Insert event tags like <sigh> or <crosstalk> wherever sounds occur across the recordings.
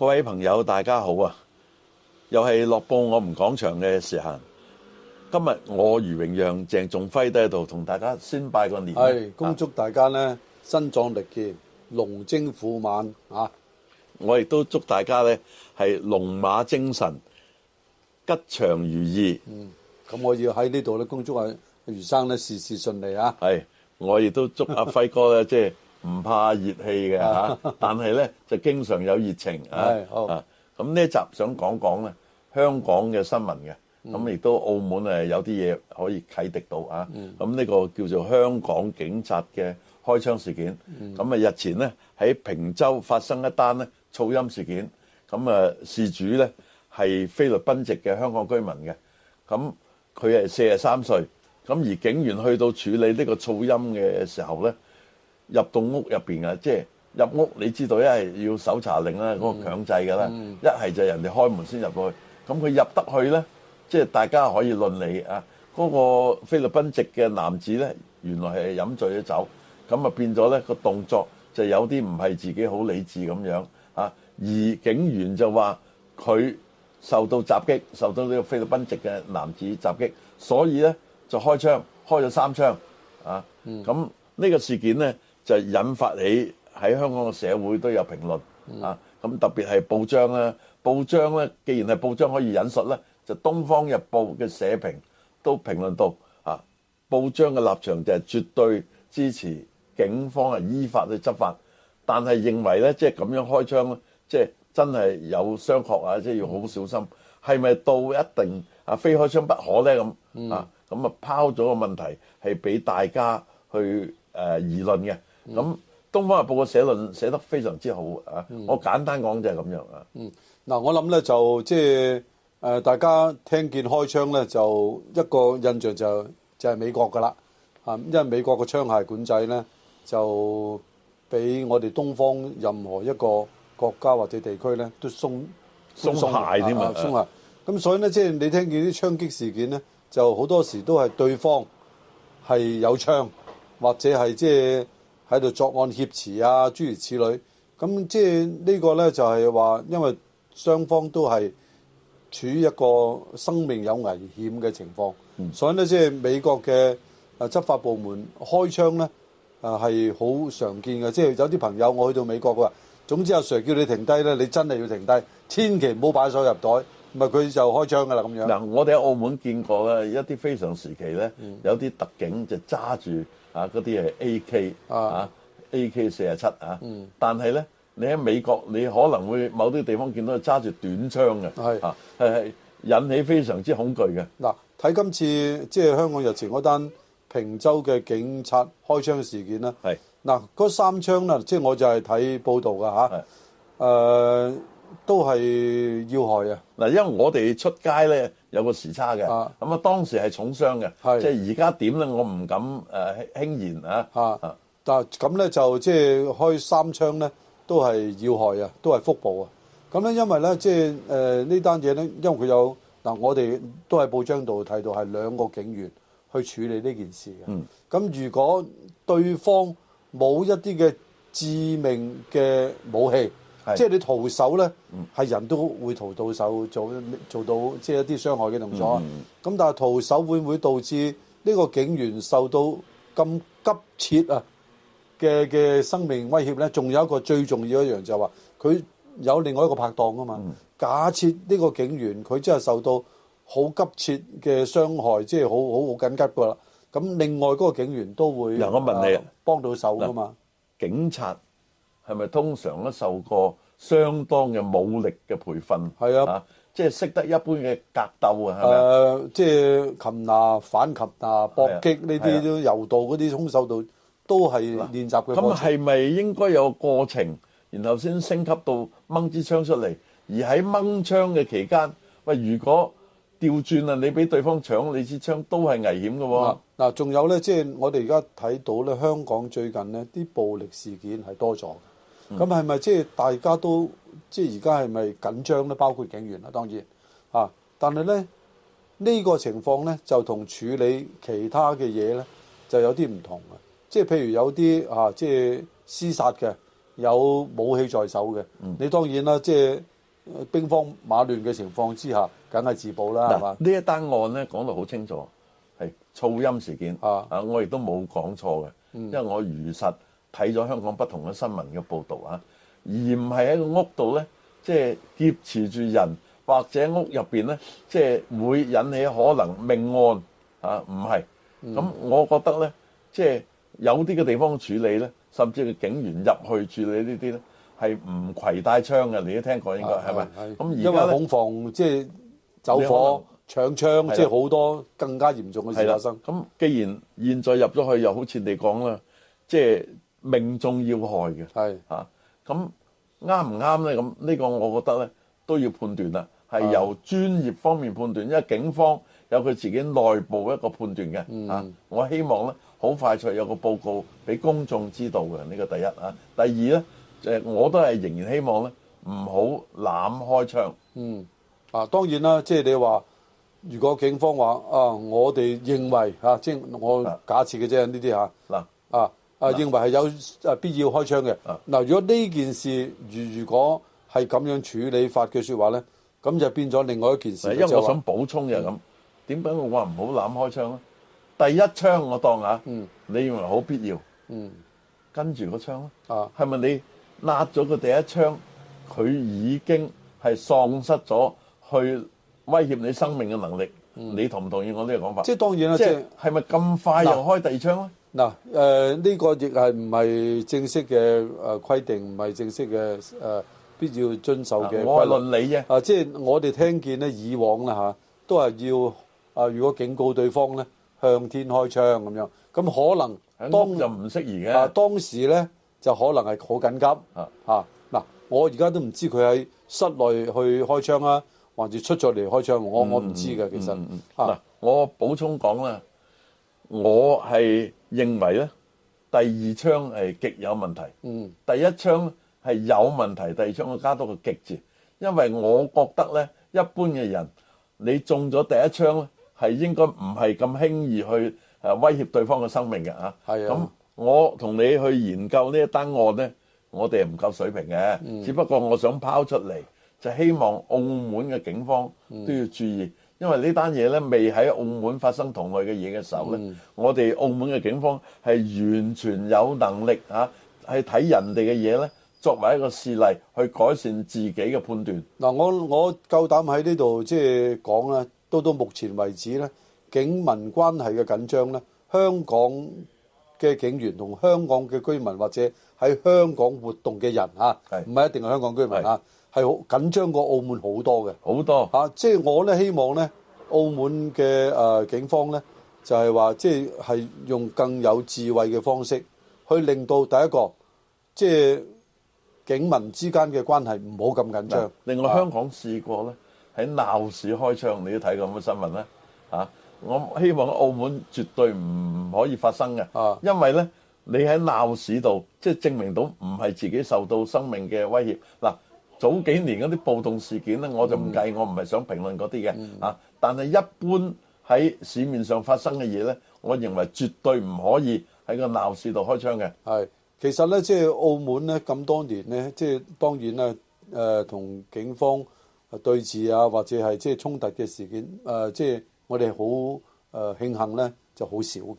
各位朋友，大家好啊！又係樂報我們講場嘅時限。今日我余榮讓、鄭仲輝都喺度同大家先拜個年。係恭祝大家咧，身壯力健，龍精虎猛啊！我亦都祝大家咧係龍馬精神，吉祥如意。嗯，咁我要喺呢度咧恭祝阿余生咧事事順利啊！係，我亦都祝阿輝哥咧即係。 <laughs> 唔怕熱氣嘅 <laughs> 但係咧就經常有熱情嚇。咁 <laughs> 呢、啊、一集想講講咧香港嘅新聞嘅，咁、嗯、亦都澳門有啲嘢可以啟迪到、嗯、啊。咁呢個叫做香港警察嘅開槍事件。咁、嗯、啊日前呢喺坪洲發生一單咧噪音事件。咁啊事主呢係菲律賓籍嘅香港居民嘅。咁佢係四十三歲。咁而警員去到處理呢個噪音嘅時候呢。入到屋入面啊！即係入屋，你知道一係要搜查令啦，嗰個強制㗎啦。一係就人哋開門先入過去。咁佢入得去呢，即係大家可以論理啊。嗰個菲律賓籍嘅男子呢，原來係飲醉咗酒，咁啊變咗呢個動作就有啲唔係自己好理智咁樣啊。而警員就話佢受到襲擊，受到呢個菲律賓籍嘅男子襲擊，所以呢就開槍，開咗三槍啊。咁呢個事件呢。就引發起喺香港嘅社會都有評論啊！咁特別係報章咧，報章咧既然係報章可以引述咧，就《東方日報》嘅社評都評論到啊！報章嘅立場就係絕對支持警方啊依法去執法，但係認為咧即係咁樣開槍，即係真係有傷害啊！即係要好小心，係咪到一定啊非開槍不可咧？咁啊咁啊拋咗個問題係俾大家去誒議論嘅。咁《東方日報》嘅寫論寫得非常之好啊！我簡單講就係咁樣啊。嗯，嗱，我諗咧就即係誒，大家聽見開槍咧，就一個印象就就係美國噶啦啊，因為美國嘅槍械管制咧就比我哋東方任何一個國家或者地區咧都鬆鬆懈啲嘛，咁、啊啊啊嗯啊嗯、所以咧，即、就、係、係、你聽見啲槍擊事件咧，就好多時都係對方係有槍或者係即係。喺度作案挾持啊，諸如此類。咁即係呢個咧，就係話，因為雙方都係處於一個生命有危險嘅情況，嗯、所以咧，即係美國嘅執法部門開槍咧，係好常見嘅。即、就、係、係、有啲朋友我去到美國，佢話：，總之阿 Sir 叫你停低咧，你真係要停低，千祈唔好擺手入袋。唔係佢就開槍噶啦咁樣。嗱、嗯，我哋喺澳門見過嘅一啲非常時期咧，有啲特警就揸住。啊！嗰啲係 AK 啊！AK 四十七啊！AK47，啊嗯、但係咧，你喺美國，你可能會某啲地方見到揸住短槍嘅，係啊係係引起非常之恐懼嘅。嗱，睇今次即係、就是、香港日前嗰單平洲嘅警察開槍事件啦。係嗱，嗰、啊、三槍啦，即、就、係、是、我就係睇報道㗎吓。係、啊。都係要害啊！嗱，因為我哋出街呢，有個時差嘅，咁啊當時係重傷嘅，即係而家點呢？我唔敢誒、呃、輕言啊！但、啊、咁、啊啊、呢，就即係、就是、開三槍呢，都係要害啊，都係腹部啊！咁呢，因為呢，即係呢單嘢呢，因為佢有嗱、呃，我哋都喺報章度睇到係兩個警員去處理呢件事嘅。咁、嗯、如果對方冇一啲嘅致命嘅武器。即係你徒手咧，係人都會徒到手做做到，即係一啲傷害嘅動作。咁但係徒手會唔會導致呢個警員受到咁急切啊嘅嘅生命威脅咧？仲有一個最重要一樣就係話，佢有另外一個拍檔㗎嘛。假設呢個警員佢真係受到好急切嘅傷害，即係好好好緊急㗎啦。咁另外嗰個警員都會我問你幫到手㗎嘛？警察。係咪通常都受過相當嘅武力嘅培訓？係啊，即係識得一般嘅格鬥啊，係咪啊？誒，即係擒拿、反擒啊、搏擊呢啲都柔道嗰啲空手道都係練習嘅。咁係咪應該有過程，然後先升級到掹支槍出嚟？而喺掹槍嘅期間，喂，如果掉轉啊，你俾對方搶你支槍，都係危險嘅喎。嗱，仲有咧，即係我哋而家睇到咧，香港最近呢啲暴力事件係多咗。咁係咪即係大家都即係而家係咪緊張咧？包括警員啦，當然啊。但係咧呢、這個情況咧，就同處理其他嘅嘢咧就有啲唔同即係譬如有啲啊，即係厮殺嘅，有武器在手嘅、嗯。你當然啦、啊，即係兵荒馬亂嘅情況之下，梗係自保啦，係、啊、嘛？一呢一單案咧講到好清楚，係噪音事件啊！啊，我亦都冇講錯嘅、嗯，因為我如實。睇咗香港不同嘅新聞嘅報導啊，而唔係喺個屋度咧，即係劫持住人或者屋入面咧，即係會引起可能命案啊，唔係。咁我覺得咧，即係有啲嘅地方處理咧，甚至係警員入去處理呢啲咧，係唔攜帶槍嘅。你都聽過應該係咪？咁而家恐防即係走火搶槍，即係好多更加嚴重嘅事發生。咁既然現在入咗去，又好似你講啦，即係。命中要害嘅，啊，係啊，咁啱唔啱咧？咁呢個我覺得咧都要判斷啦，係由專業方面判斷，因為警方有佢自己內部一個判斷嘅啊。嗯、我希望咧好快脆有個報告俾公眾知道嘅，呢、這個第一啊。第二咧，誒，我都係仍然希望咧唔好濫開槍，嗯。嗯啊，當然啦，即、就、係、是、你話如果警方話啊，我哋認為啊，即、就、係、是、我假設嘅啫，呢啲吓嗱啊。啊，認為係有啊必要開槍嘅。嗱、啊啊，如果呢件事如果係咁樣處理法嘅説話咧，咁就變咗另外一件事、就係。因為我想補充嘅咁，點、嗯、解我話唔好攬開槍咧？第一槍我當嚇、啊嗯，你認為好必要。嗯、跟住個槍咧，係、啊、咪你拉咗個第一槍，佢已經係喪失咗去威脅你生命嘅能力？嗯、你同唔同意我呢個講法？即係當然啦。即係係咪咁快又開第二槍咧？啊嗱、呃，誒、這、呢個亦係唔係正式嘅誒、呃、規定，唔係正式嘅誒、呃、必要遵守嘅規例。我係論理啫。啊，即係我哋聽見咧，以往啦嚇、啊，都係要啊，如果警告對方咧，向天開槍咁樣。咁可能當就唔適宜嘅。啊，當時咧就可能係好緊急。啊，嗱、啊，我而家都唔知佢喺室內去開槍啊，還是出咗嚟開槍，我、嗯、我唔知嘅、嗯、其實。嗱、嗯啊，我補充講啦，我係。認為咧，第二槍係極有問題。嗯，第一槍係有問題，第二槍我加多個極字，因為我覺得咧，一般嘅人，你中咗第一槍咧，係應該唔係咁輕易去誒威脅對方嘅生命嘅啊。係啊，咁我同你去研究呢一單案咧，我哋係唔夠水平嘅，只不過我想拋出嚟，就希望澳門嘅警方都要注意。因為呢單嘢呢，未喺澳門發生同類嘅嘢嘅時候呢，我哋澳門嘅警方係完全有能力嚇，係睇人哋嘅嘢呢，作為一個示例去改善自己嘅判斷，嗯。嗱，我我夠膽喺呢度即係講啊，到到目前為止呢，警民關係嘅緊張呢，香港嘅警員同香港嘅居民或者喺香港活動嘅人嚇，唔係一定係香港居民是是係好緊張過澳門好多嘅好多嘅，好多嚇，即、就、係、是、我咧希望咧澳門嘅、呃、警方咧就係、是、話，即、就、係、是、用更有智慧嘅方式去令到第一個即係、就是、警民之間嘅關係唔好咁緊張。另外、啊、另外香港試過咧喺鬧市開槍，你都睇過咁嘅新聞呢？嚇、啊。我希望澳門絕對唔可以發生嘅、啊，因為咧你喺鬧市度即係證明到唔係自己受到生命嘅威脅嗱。啊早幾年嗰啲暴動事件呢，我就唔計、嗯，我唔係想評論嗰啲嘅啊。但係一般喺市面上發生嘅嘢呢，我認為絕對唔可以喺個鬧市度開槍嘅。係其實呢，即係澳門呢咁多年呢，即係當然呢誒同警方對峙啊，或者係即係衝突嘅事件誒，即係我哋好誒慶幸呢就好少嘅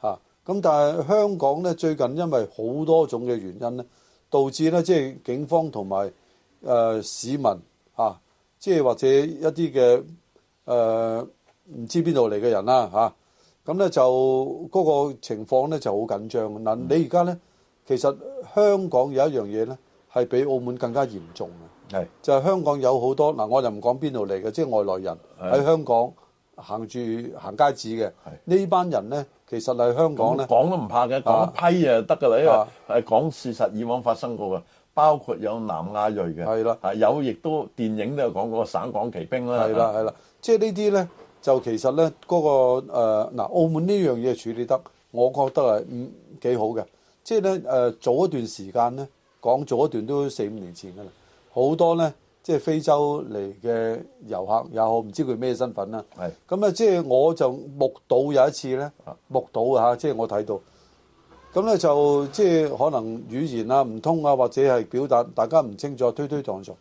嚇。咁但係香港呢最近因為好多種嘅原因呢，導致呢即係警方同埋。誒、呃、，市民啊，即係或者一啲嘅誒唔知邊度嚟嘅人啦嚇，咁、啊、咧、啊、就嗰個情況咧就好緊張。嗱、嗯，你而家咧其實香港有一樣嘢咧係比澳門更加嚴重嘅，就係、是、香港有好多嗱、啊，我又就唔講邊度嚟嘅，即係外來人喺香港行住行街市嘅呢班人咧，其實係香港咧講都唔怕嘅，講一批啊得㗎啦，因為係講事實，以往發生過嘅。包括有南亞裔嘅，係啦，啊有亦都電影都有講過省港奇兵啦，係啦係啦，即係、就是、呢啲咧就其實咧嗰、那個嗱、呃、澳門呢樣嘢處理得，我覺得係嗯幾好嘅。即係咧誒早一段時間咧講早一段都四五年前㗎喇，好多咧即係非洲嚟嘅遊客也好，又唔知佢咩身份啦。係咁咧，即係我就目睹有一次咧，目睹啊，即、就、係、是、我睇到。咁咧就即係可能語言啊唔通啊，或者係表達大家唔清楚，推推撞撞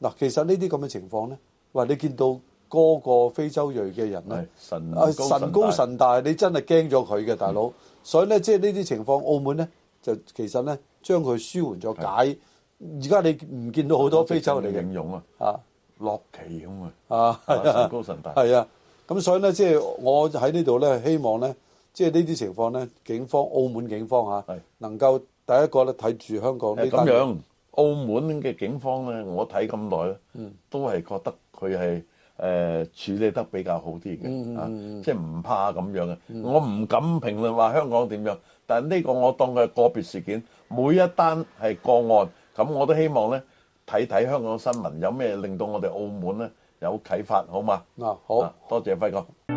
嗱。其實呢啲咁嘅情況咧，話你見到嗰個非洲裔嘅人咧神神，神高神大，你真係驚咗佢嘅大佬。所以咧，即係呢啲情況，澳門咧就其實咧將佢舒緩咗解。而家你唔見到好多非洲嚟嘅，形容啊，啊，洛奇咁啊，神高神大，係啊。咁所以咧，即係我喺呢度咧，希望咧。即係呢啲情況呢，警方澳門警方嚇、啊，能夠第一個咧睇住香港呢，咁樣。澳門嘅警方呢，我睇咁耐，都係覺得佢係誒處理得比較好啲嘅、嗯，啊，即係唔怕咁樣嘅、嗯。我唔敢評論話香港點樣，但係呢個我當佢個別事件，每一單係個案。咁我都希望呢，睇睇香港新聞有咩令到我哋澳門呢有啟發，好嘛？嗱、啊，好、啊、多謝輝哥。